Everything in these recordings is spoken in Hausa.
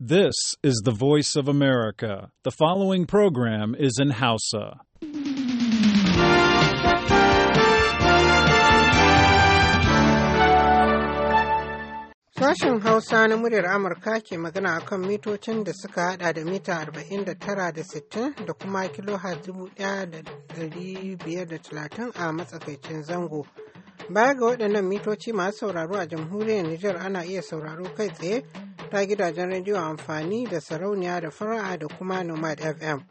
This is the voice of America. The following program is in Hausa. Sashen Hausa na muryar Amurka ke magana a kan mitocin da suka hada da mita 49 da 60 da kuma kilohertz 1530 a matsakaicin zango. Baya ga waɗannan mitoci masu sauraro a jamhuriyar Nijar ana iya sauraro kai tsaye ta gidajen rediyo amfani da sarauniya da fara'a da kuma Nomad FM.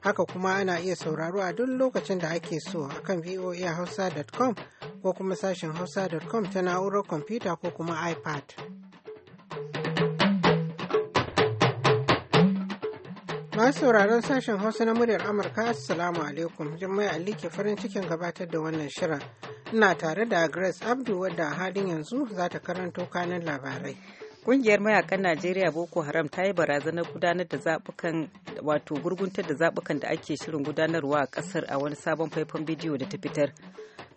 Haka kuma ana iya sauraro a duk lokacin da ake so a kan voahausa.com ko kuma sashen hausa.com ta na'urar kwamfuta ko kuma iPad. Masu sauraron sashen Hausa na muryar Amurka, Assalamu alaikum. Jummai Ali ke farin cikin gabatar da wannan shirin. Ina tare da Grace Abdu wadda halin yanzu za ta karanto kanin labarai. ƙungiyar mayakan Najeriya Boko Haram ta yi barazanar gudanar da zabukan wato gurguntar da zabukan da ake shirin gudanarwa a ƙasar a wani sabon faifan bidiyo da ta fitar.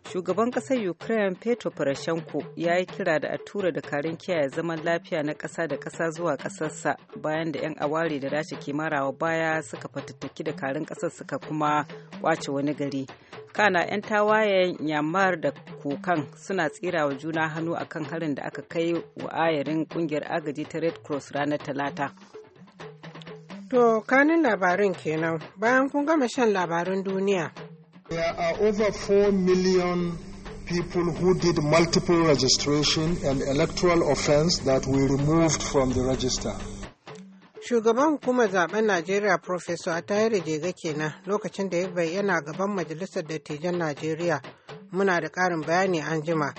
shugaban ƙasar ukraine petro poroshenko ya yi kira da a tura dakarun kiyaye zaman lafiya na kasa da kasa zuwa ƙasarsa bayan da 'yan aware da dace ke marawa baya suka fatattaki dakarun kasar suka kuma kwace wani gari kana 'yan tawayen yamar da kokan suna tsira wa juna hannu akan harin da aka kai wa ayarin kungiyar agaji ta red cross ranar talata to kanin labarin kenan bayan kun gama shan labarin duniya There are over 4 million people who did multiple registration and electoral offense that we removed from the register. Shugaban hukumar zaben Najeriya Professor Atayere Jega kenan lokacin da ya bayyana gaban Majalisar Dattijan Najeriya muna da ƙarin bayani an jima.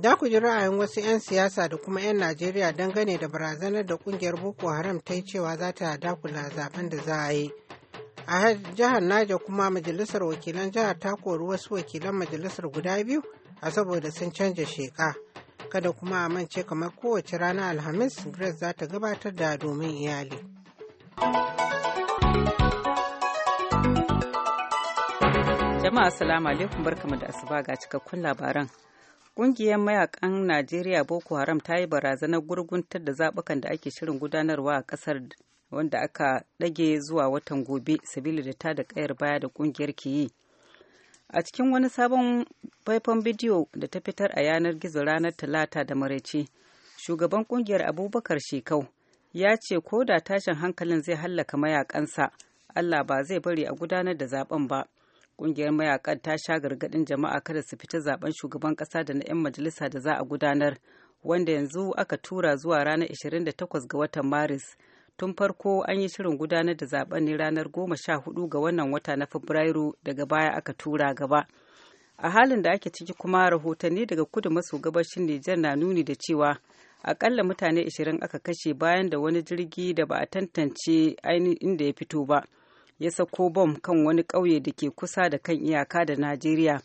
Da ku ji ra'ayin wasu 'yan siyasa da kuma 'yan Najeriya dangane da barazanar da kungiyar Boko Haram ta yi cewa za ta dakula zaben da za a yi. a jihar naja kuma majalisar wakilan jihar ta kori wasu wakilan majalisar guda biyu a saboda sun canja sheka kada kuma a mance kamar kowace rana alhamis grace za ta gabatar da domin iyali jama'a assalamu alaikum barkamu da asuba ga cikakkun labaran Ƙungiyar mayakan Najeriya Boko Haram ta yi barazanar gurguntar da zabukan da ake shirin gudanarwa a ƙasar wanda aka ɗage zuwa watan gobe sabili da ta da kayar baya da kungiyar ke yi a cikin wani sabon faifan bidiyo da ta fitar a yanar gizo ranar talata da maraice shugaban kungiyar abubakar shekau ya ce ko da tashin hankalin zai hallaka mayakansa allah ba zai bari a gudanar da zaben ba kungiyar mayakan ta sha gargadin jama'a kada su fita zaben shugaban ƙasa da na 'yan majalisa da za a gudanar wanda yanzu aka tura zuwa ranar 28 ga watan maris tun farko an yi shirin gudanar da zaben ne ranar goma sha hudu ga wannan wata na fabrairu daga baya aka tura gaba a halin da ake ciki kuma rahotanni daga kudu maso gabashin nijar na nuni da cewa akalla mutane ashirin aka kashe bayan da wani jirgi da ba a tantance ainihin da ya fito ba ya sako bom kan wani ƙauye da ke kusa da kan iyaka da najeriya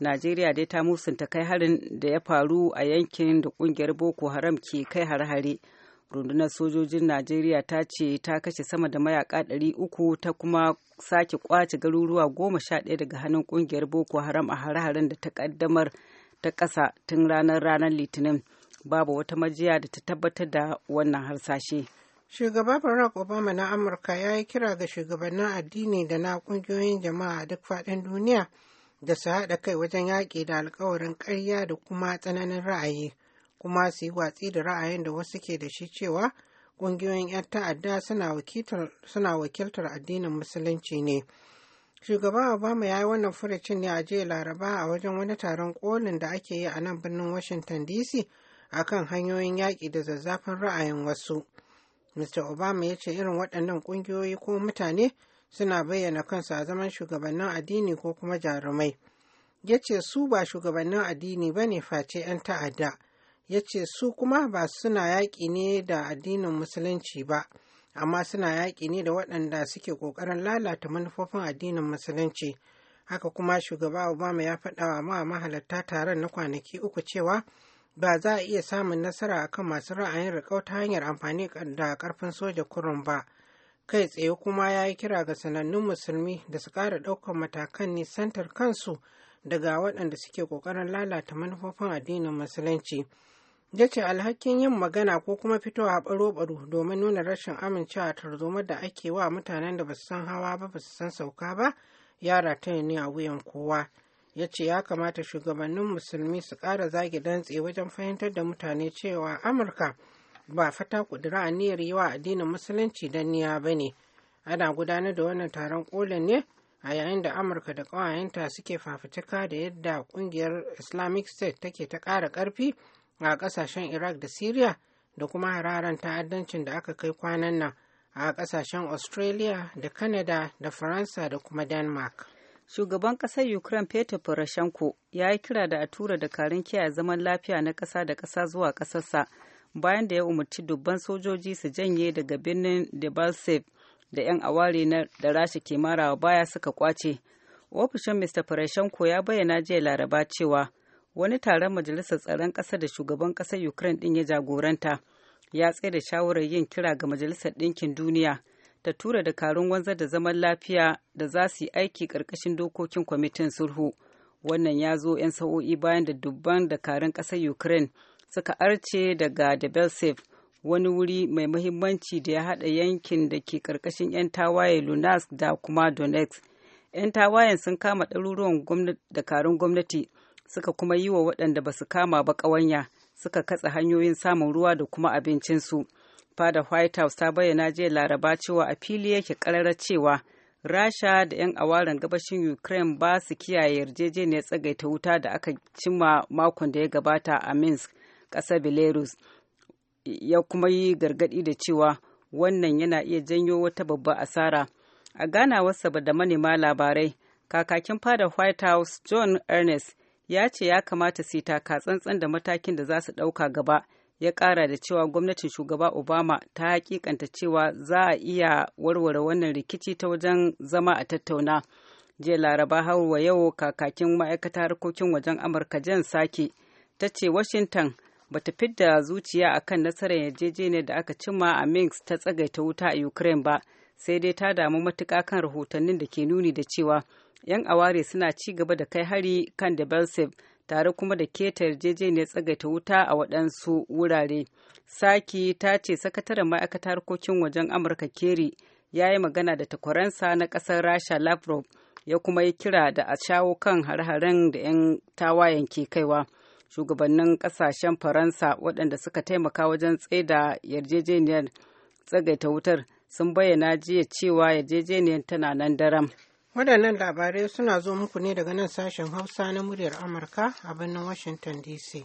najeriya dai ta musunta kai harin da ya faru a yankin da ƙungiyar boko haram ke kai hare-hare rundunar sojojin najeriya ta ce ta kashe sama da mayaka ɗari uku ta kuma sake kwace garuruwa goma sha ɗaya daga hannun ƙungiyar boko haram a hare da ta kaddamar ta ƙasa tun ranar ranar litinin babu wata majiya da ta tabbatar da wannan harsashe shugaba barack obama na amurka ya yi kira ga shugabannin addini da na kungiyoyin jama'a duk faɗin duniya da su haɗa kai wajen yaƙi da alkawarin ƙarya da kuma tsananin ra'ayi kuma su yi watsi da ra'ayin da wasu ke da shi cewa ƙungiyoyin 'yan ta'adda suna wakiltar addinin musulunci ne. Shugaba Obama ya yi wannan furucin ne a jiya Laraba a wajen wani taron kolin da ake yi a nan birnin Washington DC a kan hanyoyin yaƙi da zazzafin ra'ayin wasu. Mr. Obama ya ce irin waɗannan ƙungiyoyi ko mutane suna bayyana kansu a zaman shugabannin addini ko kuma jarumai. Ya ce su ba shugabannin addini ba ne face 'yan ta'adda ya ce su kuma ba suna yaƙi ne da addinin musulunci ba amma suna yaƙi ne da waɗanda suke ƙoƙarin lalata manufofin addinin musulunci haka kuma shugaba obama ya faɗawa ma mahalarta taron na kwanaki uku cewa ba za a iya samun nasara akan masu ra'ayin riƙau ta hanyar amfani da ƙarfin soja kurun ba kai tsaye kuma ya yi kira ga sanannun musulmi da su ƙara ɗaukar matakan nisantar kansu daga waɗanda suke ƙoƙarin lalata manufofin addinin musulunci ya ce alhakin yin magana ko kuma fitowa baro-baro domin nuna rashin amincewa tarzoma da ake wa mutanen da basu san hawa ba basu san sauka ba ya taya ne a wuyan kowa ya ce ya kamata shugabannin musulmi su ƙara zage dantse wajen fahimtar da mutane cewa amurka ba fata kudura aniyar yi wa addinin musulunci don niya ba ne ana gudanar da wannan taron kolin ne a yayin da amurka da ƙawayenta suke fafutuka da yadda ƙungiyar islamic state take ta ƙara ƙarfi a ƙasashen iraq da syria da kuma hararen ta'addancin da aka kai kwanan nan a ƙasashen australia da canada da faransa da kuma denmark shugaban ƙasar ukraine peter poroshenko ya yi kira da a tura karin kiyaye zaman lafiya na kasa da kasa zuwa ƙasarsa bayan da ya umarci dubban sojoji su janye daga birnin debalsev da 'yan aware na da rasha ke marawa baya suka kwace ofishin mr poroshenko ya bayyana jiya laraba cewa wani taron majalisar tsaron ƙasa da shugaban ƙasar ukraine ɗin ya jagoranta ya da shawarar yin kira ga majalisar ɗinkin duniya ta tura dakarun wanzar da zaman lafiya da za su yi aiki ƙarƙashin dokokin kwamitin sulhu wannan ya zo 'yan sa'o'i bayan da dubban dakarun ƙasar ukraine suka arce daga debelsev wani wuri mai mahimmanci da ya haɗa yankin da ke ƙarƙashin 'yan tawaye lunask da kuma donetsk 'yan tawayen sun kama ɗaruruwan dakarun gwamnati suka kuma yi wa waɗanda ba su kama ba ƙawanya suka katse hanyoyin samun ruwa da kuma abincinsu fada white house ta bayyana jiya laraba cewa a fili yake ƙararra cewa rasha da 'yan awaren gabashin ukraine ba su kiyaye yarjejeniyar tsagaita wuta da aka cimma makon da ya gabata a minsk ƙasar belarus ya kuma yi gargaɗi da cewa wannan yana iya janyo wata babbar asara a ganawarsa da manema labarai kakakin fada white house john ernest ya ce ya kamata su yi tsantsan da matakin da za su ɗauka gaba ya ƙara da cewa gwamnatin shugaba obama ta hakikanta cewa za a iya warware wannan rikici ta wajen zama a tattauna jiya laraba hawa yau kakakin ma'aikata harkokin wajen amurka jan sake ta ce washington ba bata fidda zuciya a kan nasarar yarjejeniyar da aka cimma a minsk ta tsagaita wuta a ukraine ba sai dai ta damu matuka kan rahotannin da ke nuni da cewa 'yan aware suna ci gaba da kai hari kan da tare kuma da keta yarjejeniyar tsagaita wuta a waɗansu wurare saki ta ce sakataren ma'aikatar harkokin wajen amurka keri ya yi magana da takwaransa na ƙasar rasha lavrov ya kuma yi kira da a shawo kan har-haren da 'yan tawayen ke kaiwa shugabannin ƙasashen faransa waɗanda suka taimaka wajen tsaida yarjejeniyar tsagaita wutar sun bayyana jiya cewa yarjejeniyar tana nan daram Waɗannan labarai suna zo muku ne daga nan sashen Hausa na muryar Amurka a birnin Washington DC.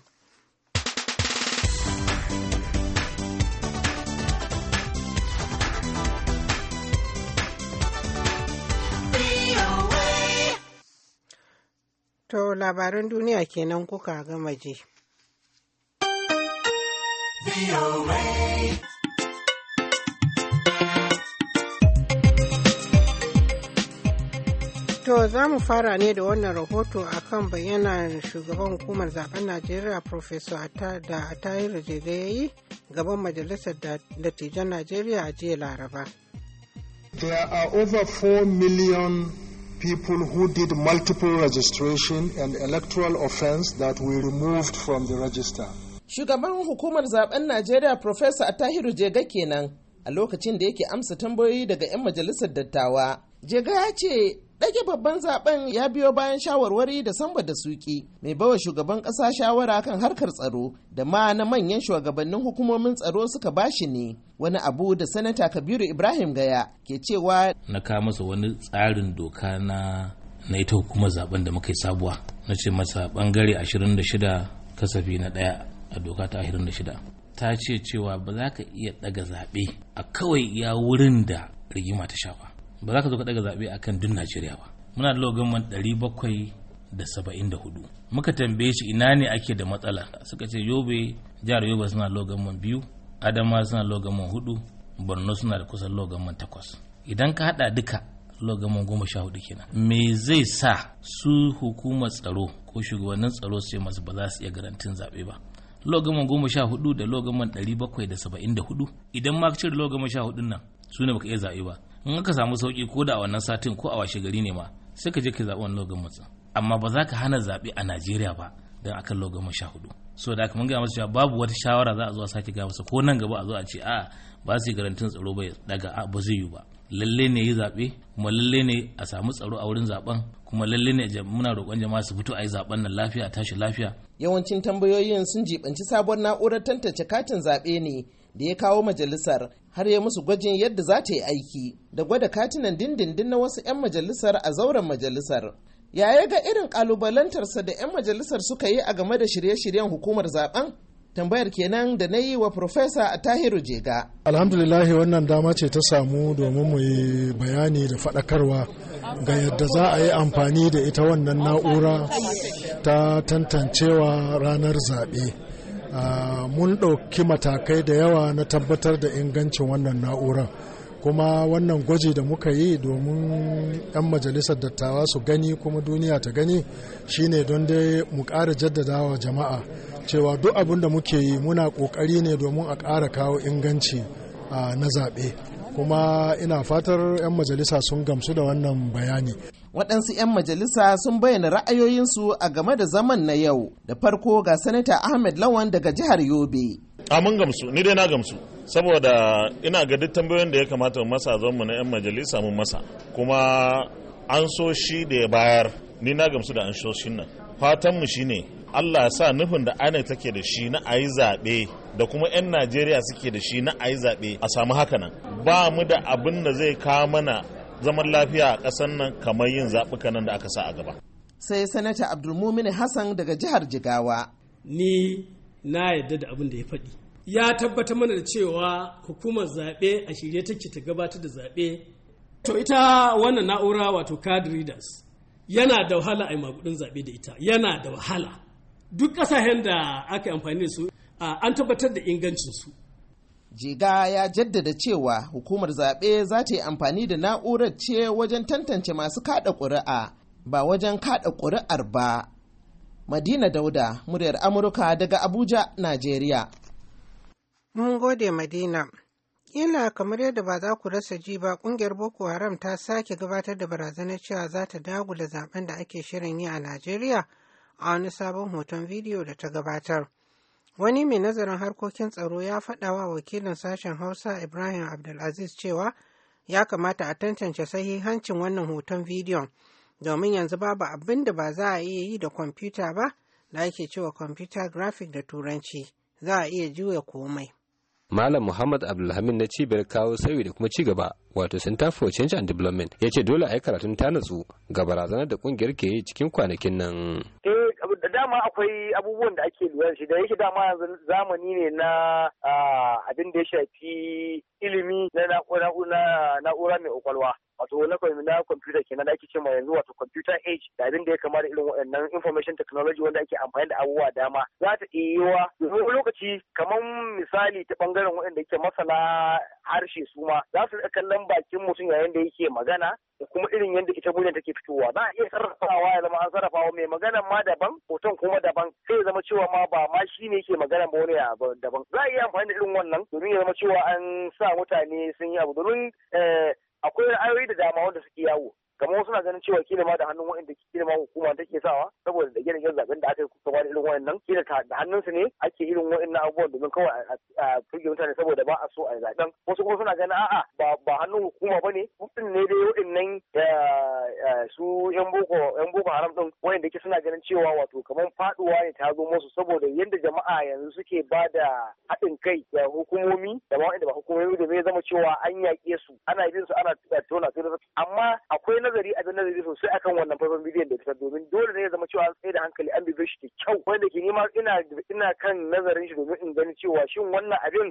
To labaran duniya kenan kuka gama je. To za mu fara ne da wannan rahoto a kan bayyana shugaban hukumar zaben Najeriya Profesor da Atayiru Jega ya yi gaban Majalisar Dattijan Najeriya a jiya Laraba. There are over 4 million people who did multiple registration and electoral offense that we removed from the register. Shugaban hukumar zaben Najeriya Professor Atahiru Jega kenan a lokacin da yake amsa tambayoyi daga 'yan majalisar dattawa. Jega ya ce Ɗage babban zaben ya biyo bayan shawarwari da samba da suki mai bawa shugaban ƙasa shawara kan harkar tsaro da ma na manyan shugabannin hukumomin tsaro suka bashi ne wani abu da sanata kabiru ibrahim gaya ke cewa na kawo masa wani tsarin doka na na ita hukumar zaben da muka yi sabuwa na ce masa bangare 26 kasafi na daya a doka ta 26 ta ce cewa ba za ka iya ɗaga zaɓe a kawai ya wurin da rigima ta shafa ba za ka zo ka daga zaɓe akan duk Najeriya ba muna da logan ɗari bakwai da saba'in da hudu muka tambaye shi ina ne ake da matsala suka ce yobe jihar yobe suna logan biyu adama suna logan hudu borno suna da kusan logan takwas idan ka haɗa duka logan goma sha hudu kenan me zai sa su hukumar tsaro ko shugabannin tsaro su masu ba za su iya garantin zaɓe ba logaman goma sha hudu da logaman ɗari bakwai da saba'in da hudu idan ma cire logaman sha hudun nan su ne baka iya zaɓe ba in aka samu sauki ko da wannan satin ko a washe gari ne ma sai ka je ka zaɓi wani logon mutum amma ba za ka hana zaɓe a najeriya ba don akan logan sha hudu so da mun gaya masu cewa babu wata shawara za a zo a sake gaya masa ko nan gaba a zo a ce a ba su garantin tsaro ba daga ba zai yi ba lalle ne yi zaɓe kuma lalle ne a samu tsaro a wurin zaɓen kuma lalle ne muna roƙon jama'a su fito a yi zaɓen nan lafiya tashi lafiya. yawancin tambayoyin sun jibanci sabon na'urar tantance katin zaɓe ne da ya kawo majalisar har ya musu gwajin yadda za ta yi aiki da gwada katinan dindindin na wasu 'yan majalisar a zauren majalisar ya yaya ga irin kalubalantarsa da 'yan majalisar suka yi a game da shirye-shiryen hukumar zaben tambayar kenan da na yi wa profesa a tahiru jega alhamdulillahi wannan dama ce ta samu domin mu yi bayani da faɗakarwa ga yadda za a yi amfani da ita wannan na'ura ta tantancewa ranar zaɓe Ah, mun ɗauki matakai da yawa na tabbatar da ingancin wannan na'urar kuma wannan gwaji da muka yi domin 'yan majalisar dattawa su gani kuma duniya ta gani shine don dai mu ƙara jaddadawa jama'a cewa duk abin da muke yi muna ƙoƙari ne domin a ƙara kawo inganci ah, na zaɓe kuma ina fatar 'yan majalisa sun gamsu da wannan bayani waɗansu 'yan majalisa sun bayyana ra'ayoyinsu a game da zaman na yau da farko ga sanata ahmed lawan daga jihar yobe a mun gamsu ni dai na gamsu saboda ina ga duk tambayoyin da ya kamata mu masa mu na 'yan majalisa mun masa kuma an so shi da ya bayar ni na gamsu da an so shi nan fatanmu shine allah sa nufin da ana take da shi na ayi zaɓe da kuma 'yan najeriya suke da shi na ayi zaɓe a samu haka nan ba mu da abin da zai kawo mana zaman lafiya a ƙasar nan kamar yin zaɓuka nan da aka sa a gaba. Sai Sanata Abdulmumin Hassan daga jihar Jigawa. Ni na yadda da abin da ya faɗi. Ya tabbata mana da cewa hukumar zaɓe a shirye take ta gabatar da zaɓe. To ita wannan na'ura wato card readers yana da wahala a yi magudin zaɓe da ita yana da wahala. Duk ƙasashen da aka amfani da su an tabbatar da ingancinsu Jiga ya jaddada cewa hukumar zaɓe za ta yi amfani da na'urar ce wajen tantance masu kaɗa ƙuri'a ba wajen kaɗa ƙuri'ar ba. Madina Dauda, muryar Amurka daga Abuja, Najeriya. Mun gode Madina. yana kamar yadda ba za ku rasa ji ba kungiyar Boko Haram ta sake gabatar da barazanar cewa za ta dagula zaben da ake shirin yi a Najeriya a wani sabon hoton bidiyo da ta gabatar. Wani mai nazarin harkokin tsaro ya faɗa wa wakilin sashen Hausa Ibrahim Abdulaziz cewa ya kamata a tantance sahihancin wannan hoton bidiyon domin yanzu babu abin da ba za a iya yi da kwamfuta ba da ake cewa kwamfuta graphic da turanci za a iya juya komai. Malam Muhammad Abdulhamid na cibiyar kawo sauyi da kuma ci gaba wato Center for Change and Development ya ce dole a yi karatun ta natsu ga barazanar da kungiyar ke yi cikin kwanakin nan. Eh Da dama akwai abubuwan da ake lura da shi da yake dama yanzu zamani ne na ah, abin da ya shafi ilimi na na'ura mai kwakwalwa wato na na kwamfuta kenan da ake cewa yanzu wato computer age da abin da ya kamata a irin waɗannan information technology wanda ake amfani da abubuwa dama za ta iya yiwa lokaci kamar misali ta bangaren waɗanda yake masana harshe su ma za su kallon bakin mutum yayin da yake magana da kuma irin yadda ita muryar take fitowa za a iya sarrafawa ya zama an sarrafawa mai magana ma daban hoton kuma daban sai ya zama cewa ma ba ma shi ne yake magana ba wani daban za a iya amfani da irin wannan domin ya zama cewa an sa mutane sun yi abu domin eh, akwai ra'ayoyi da dama wanda suke yawo kamar wasu na ganin cewa kila ma da hannun wa'anda kila ma hukuma take sawa saboda da gina zaben da aka kuma da irin wa'annan kila da hannunsu ne ake irin wa'annan abubuwan domin kawai a fige mutane saboda ba a so a zaben wasu kuma suna ganin a'a ba hannun hukuma ba ne mutum ne dai wa'annan su yan boko yan boko haram din wa'anda ke suna ganin cewa wato kamar faɗuwa ne ta zo musu saboda yadda jama'a yanzu suke ba da haɗin kai da hukumomi da ba wa'anda ba hukumomi da zai zama cewa an yaƙe su ana bin su ana tona su amma akwai na nazari a nazari sosai akan wannan faifan bidiyon da ta domin dole ne ya zama cewa tsaye da hankali an bibe shi da kyau wanda ke nima ina ina kan nazarin shi domin in gani cewa shin wannan abin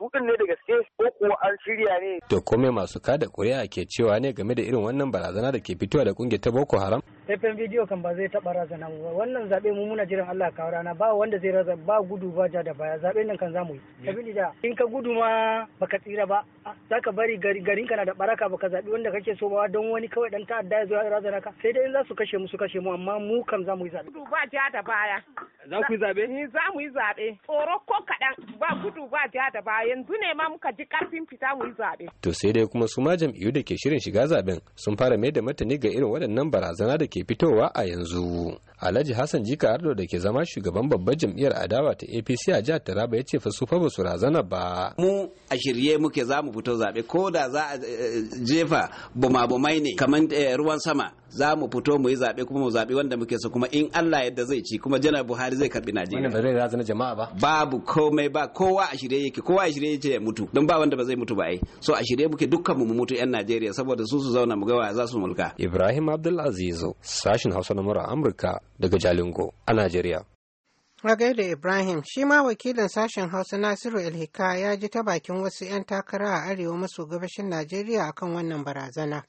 dudin eh, ne da gaske ko kuwa an shirya ne to kome masu kada kuri'a ke cewa ne game da irin wannan barazana da ke fitowa da kungiyar ta Boko Haram faifan bidiyo kan ba zai taɓa razana nan ba wannan zaɓe mu muna jiran Allah kawo rana ba wanda zai raza ba gudu ba ja da baya zaɓe nan kan zamu yi sabili da in ka gudu ma baka tsira ba zaka bari garin kana da baraka baka zaɓi wanda kake so ba don wani kawai dan ta'adda ya zo ya razana ka sai dai in za su kashe mu su kashe mu amma mu kan zamu yi zaɓe gudu ba ja da baya za ku yi zaɓe ni eh, za mu yi zaɓe tsoro ko kaɗan ba gudu ba ja da baya yanzu ne ma muka ji ƙarfin fita mu yi zaɓe to sai dai kuma su ma jam'iyyu da ke shirin shiga zaɓen sun fara mai da martani ga irin waɗannan barazana da ke ke fitowa a yanzu alhaji hassan jika ardo da ke zama shugaban babbar jam'iyyar adawa ta apc a jihar taraba ya ce fa su fa ba su razana ba mu a shirye muke za mu fito zaɓe ko da za a eh, jefa bumabumai ne kamar eh, ruwan sama za mu fito mu yi zaɓe kuma mu zaɓe wanda muke so kuma in Allah yadda zai ci kuma janar Buhari zai karbi Najeriya. Wannan ba zai razana jama'a ba. Babu komai ba kowa a shirye yake kowa a shirye yake ya mutu don ba wanda ba zai mutu ba ai so a shirye muke dukkan mu mutu yan Najeriya saboda su su zauna mu ga za su mulka. Ibrahim Abdul Aziz sashin Hausa na mura Amurka daga Jalingo a Najeriya. A gaida Ibrahim shi ma wakilin sashen Hausa Nasiru Elhika ya ji ta bakin wasu 'yan takara a arewa maso gabashin Najeriya akan wannan barazana.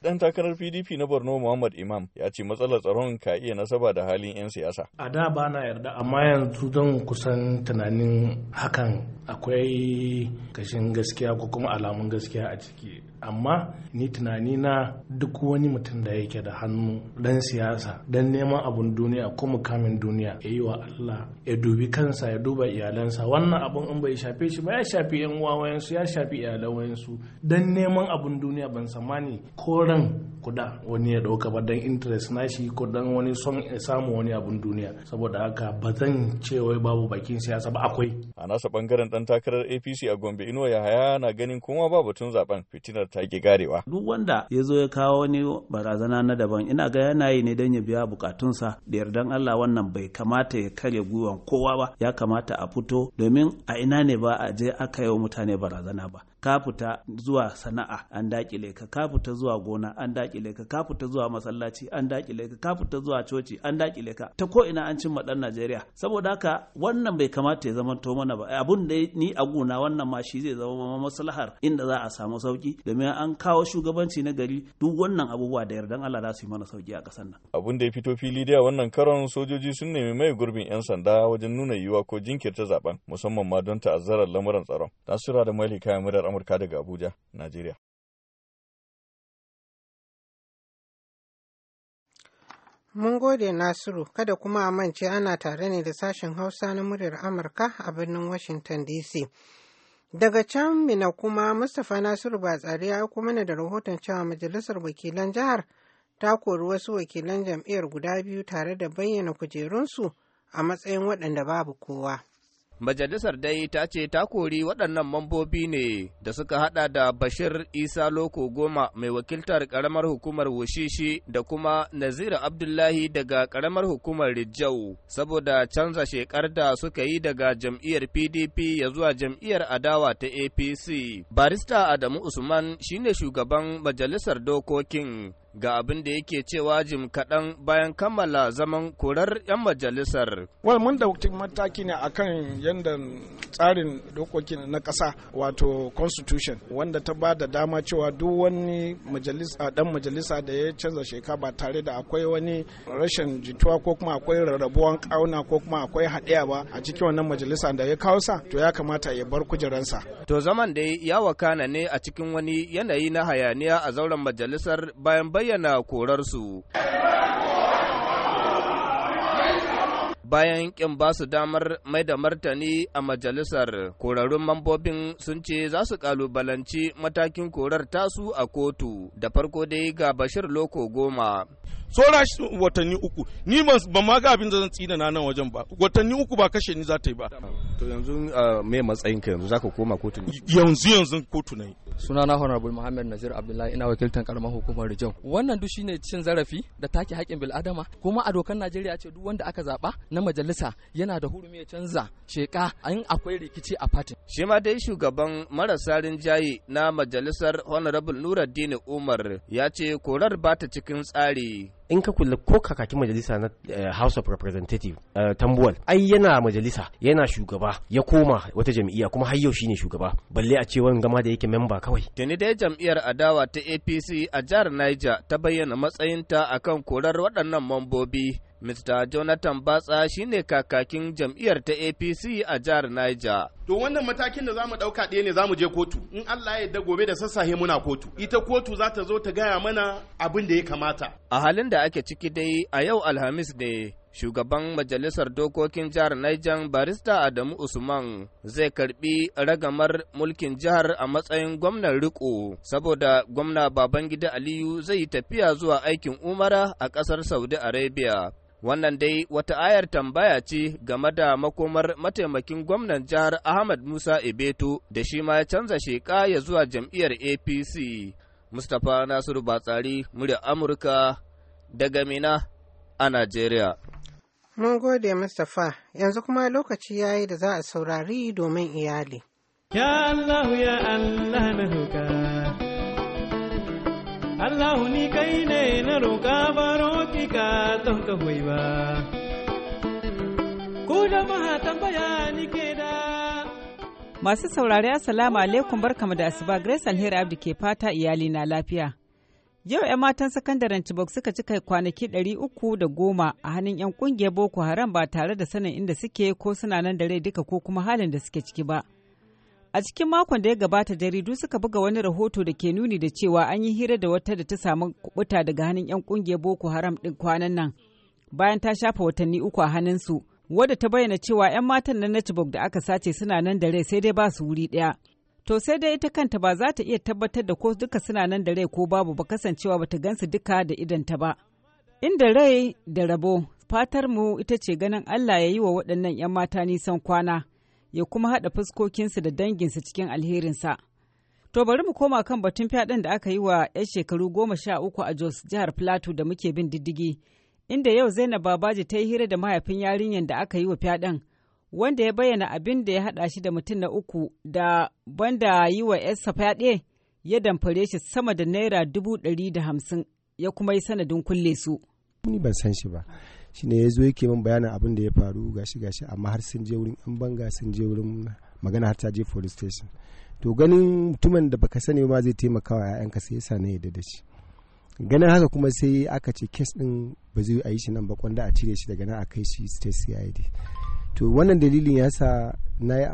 Dan takarar PDP na Borno Muhammad Imam ya ce matsalar tsaron ka iya nasaba da halin 'yan siyasa. A da ba na yarda amma yanzu don kusan tunanin hakan akwai kashin gaskiya ko kuma alamun gaskiya a ciki. amma ni tunani na duk wani mutum da yake da hannu dan siyasa dan neman abun duniya ko mukamin duniya ya yi wa Allah ya dubi kansa ya duba iyalansa wannan abun in bai shafe shi ba ya shafi yan uwa wayansu ya shafi iyalan wayansu dan neman abun duniya ban samani ko ran kuda wani ya dauka ba dan interest na shi ko dan wani son samu wani abun duniya saboda haka ba zan ce wai babu bakin siyasa ba akwai a nasa bangaren dan takarar APC a Gombe Inuwa Yahaya na ganin kuma ba batun zaben fitinar ta ki karewa duk wanda ya zo ya kawo wani barazana na daban ina ga yana yi ne don ya biya bukatunsa da yardan Allah wannan bai kamata ya karya gwiwan kowa ba ya kamata a fito domin a ina ne ba a je aka yi wa mutane barazana ba ka fita zuwa sana'a an dakile ka ka fita zuwa gona an dakile ka ka fita zuwa masallaci an dakile ka ka fita zuwa coci an dakile ka ta ko ina an cimma ɗan Najeriya saboda haka wannan bai kamata ya zama to mana ba abun da ni a gona wannan ma shi zai zama maslahar inda za a samu sauki domin an kawo shugabanci na gari duk wannan abubuwa da yardan Allah za su yi mana sauki a ƙasar nan abun da ya fito fili da wannan karon sojoji sun nemi mai gurbin yan sanda wajen nuna yiwa ko jinkirta zaben musamman ma don ta'azzarar lamuran tsaron nasiru da malika murar Amurka daga Abuja, Najeriya. Mun gode Nasiru, kada kuma a mance ana tare ne da sashen Hausa na muryar Amurka a birnin Washington DC. Daga can mina kuma Mustapha Nasiru ba tsari ya kuma mana da rahoton cewa Majalisar Wakilan Jihar ta kori wasu wakilan jam'iyyar guda biyu tare da bayyana kujerunsu a matsayin waɗanda babu kowa. Majalisar dai ta ce ta kori waɗannan mambobi ne da suka haɗa da Bashir Isa Loko Goma mai wakiltar ƙaramar hukumar Wushishi da kuma Nazira Abdullahi daga ƙaramar hukumar Rijau saboda canza shekar da suka yi daga jam'iyyar PDP ya zuwa jam'iyyar adawa ta APC. Barista Adamu Usman shine shugaban majalisar dokokin ga abin da yake cewa jim kaɗan bayan kammala zaman korar 'yan majalisar. wal mun dauki mataki ne akan yadda tsarin dokoki na ƙasa wato constitution wanda ta ba da dama cewa duk wani dan majalisa da ya canza sheka ba tare da akwai wani rashin jituwa ko kuma akwai rarrabuwan ƙauna ko kuma akwai haɗiya ba a cikin wannan majalisa da ya kawo sa to ya kamata ya bar kujeransa. to zaman da ya wakana ne a cikin wani yanayi na hayaniya a zauren majalisar bayan bayyana korarsu. bayan kin ba su damar mai da martani a majalisar korarun mambobin sun ce za su kalubalanci matakin korar tasu a kotu da farko dai ga bashir loko goma sora shi watanni uku ni ba ma ga abin da zan tsina na nan wajen ba watanni uku ba kashe ni za ta yi ba to yanzu ah, me matsayinka yanzu za ka koma kotu yanzu yanzu kotu na yi sunana honorable muhammad nazir abdullahi ina wakiltan karamar hukumar rijau wannan duk shine cin zarafi da take haƙƙin bil'adama kuma a dokar najeriya ce duk wanda aka zaba na majalisa yana da hurumi ya canza sheka an akwai rikici a fatin shi ma dai shugaban marasa rinjaye na majalisar honorable nuruddin umar ya ce korar ba ta cikin tsari in ka kula ko kakakin majalisa na eh, House of Representative eh, Tambuwal ai yana majalisa yana shugaba ya koma wata jam'iyya kuma har yau shine shugaba balle a ce wani gama da yake memba kawai tuni dai jam'iyyar adawa ta APC a jihar Niger ta bayyana matsayinta akan korar waɗannan mambobi Mr. Jonathan Batsa ne kakakin jam'iyyar ta APC a jihar Niger. To wannan matakin da zamu ɗauka ɗaya ne zamu je kotu. In Allah ya yarda gobe da sassahe muna kotu. Ita kotu za ta zo ta gaya mana abin da ya kamata. A halin da ake ciki dai a yau Alhamis ne shugaban majalisar dokokin jihar Niger barista Adamu Usman zai karbi ragamar mulkin jihar a matsayin gwamnan riko saboda gwamna Babangida Aliyu zai yi tafiya zuwa aikin umara a ƙasar Saudi Arabia. Wannan dai wata ayar tambaya ce game da makomar mataimakin gwamnan jihar Ahmad Musa Ebeto da shi ma ya canza sheka ya zuwa jam'iyyar APC. Mustapha Nasiru Batsari, murya Amurka daga Mina a Najeriya. Mun gode Mustapha, yanzu kuma lokaci yayi da za a saurari domin iyali. Ya Allah ya Allah na roƙa. Allah ni kai ne na roƙa baro don ka hoyi ba. Ku tambaya ni ke da. Masu saurari Assalamu alaikum barkamu da asuba Grace Alheri Abdi ke fata iyali na lafiya. Yau 'yan matan sakandaren Chibok suka cika kwanaki ɗari uku da goma a hannun 'yan ƙungiyar Boko Haram ba tare da sanin inda suke ko suna nan da rai duka ko kuma halin da suke ciki ba. A cikin makon da ya gabata jaridu suka buga wani rahoto da ke nuni da cewa an yi hira da wata da ta samu kubuta daga hannun 'yan kungiyar Boko Haram ɗin kwanan nan bayan ta shafa watanni uku a hannunsu wadda ta bayyana cewa 'yan matan na Nachibok da aka sace suna nan da rai sai dai ba su wuri ɗaya. To sai dai ita kanta ba za ta iya tabbatar da ko duka suna nan da rai ko babu ba kasancewa ba ta gansu duka da idanta ba. Inda rai da rabo fatar mu ita ce ganin Allah ya yi wa waɗannan 'yan mata nisan kwana. ya kuma haɗa fuskokinsa da danginsa cikin alherinsa. To bari mu koma kan batun fyaɗen da aka yi wa 'yan shekaru goma sha uku a Jos jihar Plateau da muke bin diddigi, inda yau Zainab Babaji ta yi hira da mahaifin yarinyar da aka yi wa fyaɗen, wanda ya bayyana abin da ya haɗa shi da mutum na uku da banda yi wa 'yarsa fyaɗe ya damfare shi sama da naira dubu ɗari da hamsin ya kuma yi sanadin kulle su. Ni ban san shi ba. shine ya zo yake min bayanin abin da ya faru gashi gashi amma har sun je wurin yan banga sun je wurin magana har ta je police station to ganin mutumin da baka sani ma zai taimaka wa ƴaƴanka sai yasa na yadda da shi ganin haka kuma sai aka ce kes din ba zai yi shi nan ba kwanda a cire shi daga nan a kai shi state CID to wannan dalilin ya sa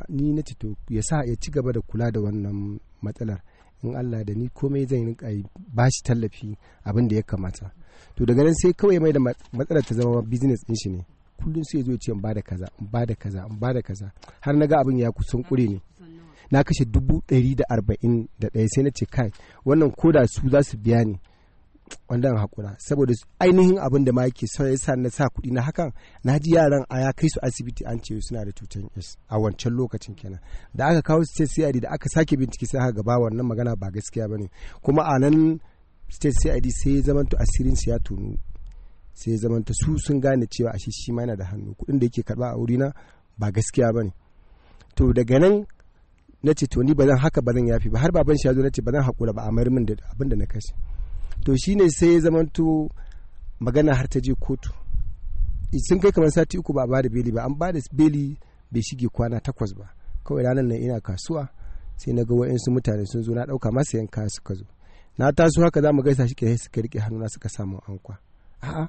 ni na to ya sa ya ci gaba da kula da wannan matsalar in Allah da ni komai zan rinka bashi tallafi abin da ya kamata to daga nan sai kawai mai da matsalar ta zama business din shi ne kullum sai zo ce in bada kaza in bada kaza in bada kaza har na ga abin ya kusan kure ne na kashe dubu ɗari da arba'in da ɗaya sai na ce kai wannan koda su za su biya ni wannan hakura saboda ainihin abin da ma yake son yasa na sa kuɗi na hakan na ji yaran a ya kai su asibiti an ce suna da cutar s a wancan lokacin kenan da aka kawo su ce da aka sake bincike sai aka gaba wannan magana ba gaskiya bane kuma a nan state sai id sai ya zamanto asirin su ya tonu sai ya zamanta su sun gane cewa a shi ma yana da hannu kuɗin da yake karba a wurina ba gaskiya ba ne to daga nan na ce to ni ba zan haka ba zan yafi ba har baban shi ya zo na ce ba zan haƙura ba a mayar min da abin da na kashe to shine sai ya zamanto magana har ta je kotu sun kai kamar sati uku ba a bada beli ba an bada beli bai shige kwana takwas ba kawai ranar nan ina kasuwa sai na ga wa'insu mutane sun zo na ɗauka masa yanka suka zo na taso haka za mu gaisa shi ke suka rike hannuna suka samu ankwa a'a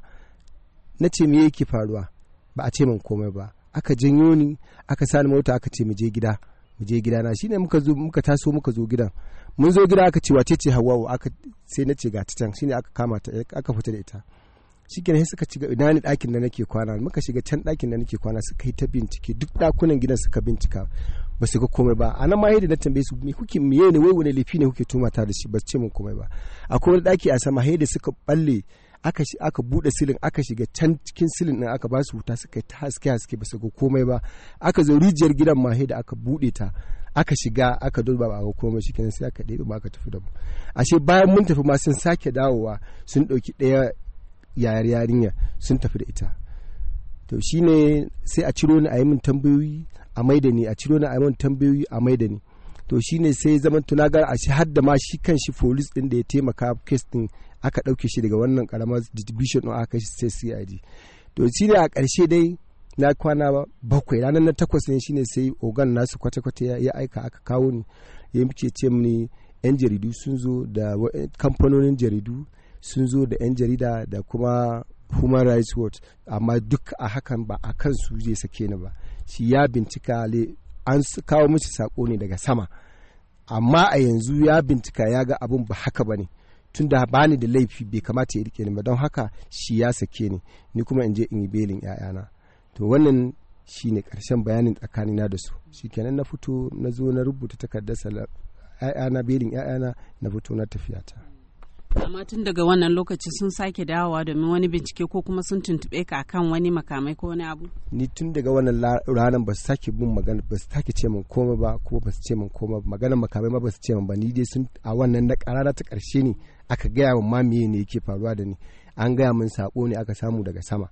na ce me yake faruwa ba a ce min komai ba aka janyo ni aka sani mota aka ce mu je gida mu je gida na shine muka zo muka taso muka zo gidan mun zo gida aka ce wace ce Hawwa aka sai na ce ga ta can shine aka kama ta aka fita da ita shikenan sai suka ci ina ne ɗakin da nake kwana muka shiga can ɗakin da nake kwana suka yi ta bincike duk ɗakunan gidan suka bincika ba su ga komai ba a nan ma yadda na tambaye su me kuke miye ne wai wani laifi ne kuke tumata da shi ba ce mun komai ba akwai wani daki a sama yadda suka balle aka aka bude silin aka shiga can cikin silin din aka ba su wuta suka ta haske haske ba su ga komai ba aka zo rijiyar gidan ma da aka bude ta aka shiga aka dulba ba ga komai shi kenan sai aka ɗebe ba aka tafi da mu ashe bayan mun tafi ma sun sake dawowa sun ɗauki ɗaya yayar yarinya sun tafi da ita to shine sai a ciro ni a yi min tambayoyi a mai da ni a ciro ni a yi min tambayoyi a mai da ni to shine sai zaman tunagar a shi hadda ma shi kan shi police din da ya taimaka case din aka ɗauke shi daga wannan karamar distribution din aka shi sai CID to shine a karshe dai na kwana bakwai ranar na takwas ne shine sai ogan nasu kwata-kwata ya aika aka kawo ni ya muke ce mini yan jaridu sun zo da kamfanonin jaridu sun zo da yan jarida da kuma human rights watch amma duk a hakan ba a kan su zai sake ni ba shi ya bincika an kawo musu sako ne daga sama amma a yanzu ya bincika ya ga abun ba haka ba ne tun da ba ni da laifi bai kamata ya rike ni ba don haka shi ya sake ni ni kuma in je in yi belin 'ya'yana to wannan shi ne ƙarshen bayanin tsakanina da su shi shikenan na fito na zo na rubuta takardar 'ya'yana belin 'ya'yana na fito na tafiyata. amma tun daga wannan lokaci sun sake dawowa domin wani bincike ko kuma sun tuntube ka kan wani makamai ko wani abu ni tun daga wannan ranar ba su sake bin magana ba su sake ce min komai ba kuma ba su ce min komai ba maganar makamai ma ba su ce min ba ni dai sun a wannan na karara ta karshe ne aka gaya min ma meye ne yake faruwa da ni an gaya min sako ne aka samu daga sama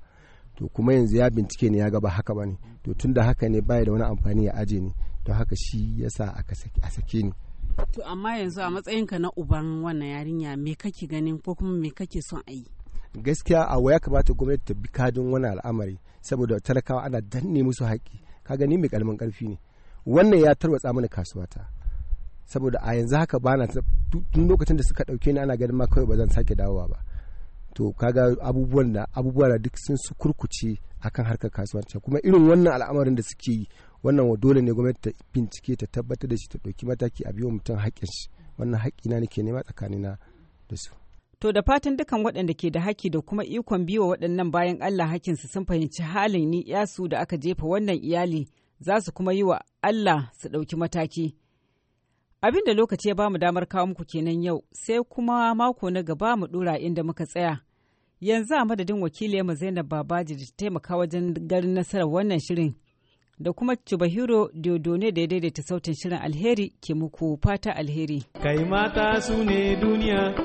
to kuma yanzu ya bincike ne ya gaba haka ba ne to tun da haka ne baya da wani amfani ya aje ni to haka shi yasa aka sake ni To amma yanzu a matsayinka na uban wannan yarinya me kake ganin ko kuma me kake son a yi? Gaskiya a waya kamata gwamnati ta bi kadin wani al'amari saboda talakawa ana danne musu haƙƙi ka gani mai karamin karfi ne wannan ya tarwatsa mana kasuwata saboda a yanzu haka bana tun lokacin da suka ɗauke ni ana ganin ma kawai ba zan sake dawowa ba to kaga abubuwan da abubuwa da duk sun su kurkuce akan harkar kasuwanci kuma irin wannan al'amarin da suke yi wannan dole ne gwamnati ta bincike ta tabbatar da shi ta ɗauki mataki a biyo mutum haƙƙin shi wannan haƙƙi na nake nema tsakanina da su to da fatan dukan waɗanda ke da haƙƙi da kuma ikon biwa waɗannan bayan Allah haƙƙinsu sun fahimci halin ni su da aka jefa wannan iyali za su kuma yi wa Allah su ɗauki mataki abin da lokaci ya bamu damar kawo muku kenan yau sai kuma mako na gaba mu ɗora inda muka tsaya yanzu a madadin wakiliyarmu zainab babaji da taimaka wajen garin nasarar wannan shirin da kuma Chubahiro Diodone da ya daidaita sautin shirin alheri ke muku fata alheri. Kai mata su ne duniya,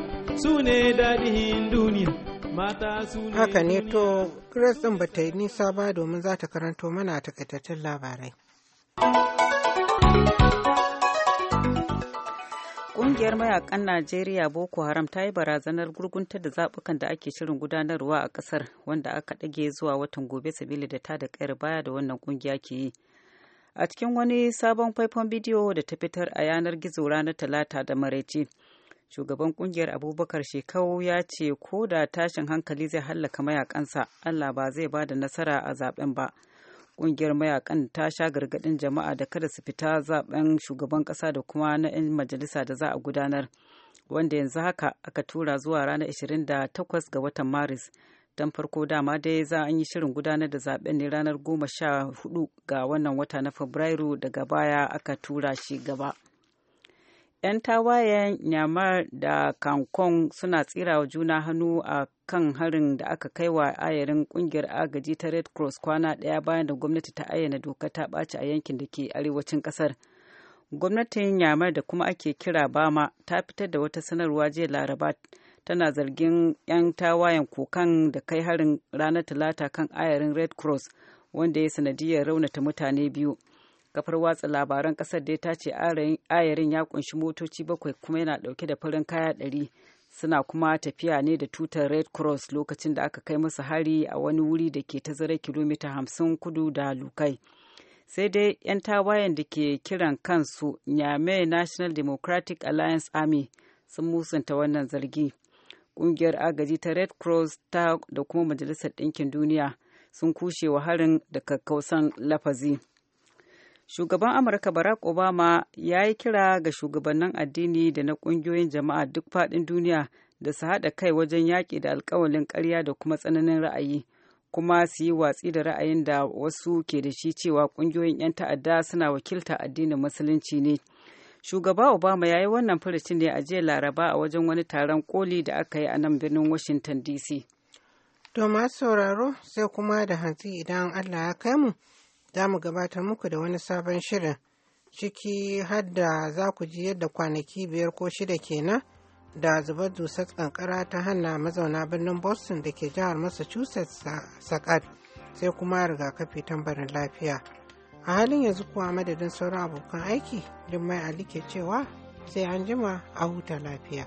su ne daɗin duniya. Mata su ne Haka ne to, Grace ɗin ba ta yi nisa ba domin za ta karanto mana takaitattun labarai. Kungiyar mayakan Najeriya Boko Haram ta yi barazanar gurgunta da zaɓukan da ake shirin gudanarwa a ƙasar wanda aka ɗage zuwa watan gobe sabili da ta da ƙayar baya da wannan ƙungiya ke yi. A cikin wani sabon faifan bidiyo da ta fitar a yanar gizo ranar Talata da Maraice. Shugaban kungiyar Abubakar Shekau ya ce ko da tashin hankali zai hallaka mayakansa Allah ba zai ba da nasara a zaben ba. Ƙungiyar mayakan ta sha gargaɗin jama'a da kada su fita zaben shugaban ƙasa da kuma na 'yan majalisa da za a gudanar, wanda yanzu haka aka tura zuwa ranar 28 ga watan Maris. Don farko dama dai za an yi shirin gudanar da zaben ne ranar 14 ga wannan wata na Fabrairu daga baya aka tura shi gaba. 'yan tawayen nyamar da kankong suna tsirawa juna hannu a kan harin da aka kai wa ayarin kungiyar agaji ta red cross kwana daya bayan da gwamnati ta ayyana doka ta ɓaci a yankin da ke arewacin ƙasar, gwamnatin nyamar da kuma ake kira bama ta fitar da wata sanarwa jiya laraba tana zargin 'yan tawayen kokan da kai harin ranar talata kan ayarin red cross wanda ya sanadiyar raunata mutane biyu kafar watsa labaran kasar da ta ce ayarin ya kunshi motoci bakwai kuma yana dauke da farin kaya ɗari suna kuma tafiya ne da tutar red cross lokacin da aka kai musu hari a wani wuri da ke zara kilomita hamsin kudu da lukai sai dai 'yan tawayen da ke kiran kansu nyame national democratic alliance army sun musanta wannan zargi ƙungiyar agaji ta red cross ta da kuma majalisar ɗinkin duniya sun kushe wa harin da kakkausan lafazi shugaban amurka barack obama ya yi kira ga shugabannin addini da na ƙungiyoyin jama'a duk faɗin duniya da su haɗa kai wajen yaƙi da alkawalin ƙarya da kuma tsananin ra'ayi kuma su yi watsi da ra'ayin da wasu ke da shi cewa ƙungiyoyin 'yan ta'adda suna wakilta addinin musulunci ne shugaba obama ya yi wannan furucin ne a jiya laraba a wajen wani taron koli da aka yi a nan birnin washington dc to ma sauraro sai kuma da hantsi idan allah ya kai mu za mu gabatar muku da wani sabon shirin ciki hadda za ku ji yadda kwanaki biyar ko shida kenan da zubar dusar kankara ta hana mazauna birnin boston da ke jihar massachusetts sakat sai kuma rigakafi tambarin lafiya a halin yanzu kuwa madadin sauran abokan aiki jummai ali ke cewa sai an jima a huta lafiya.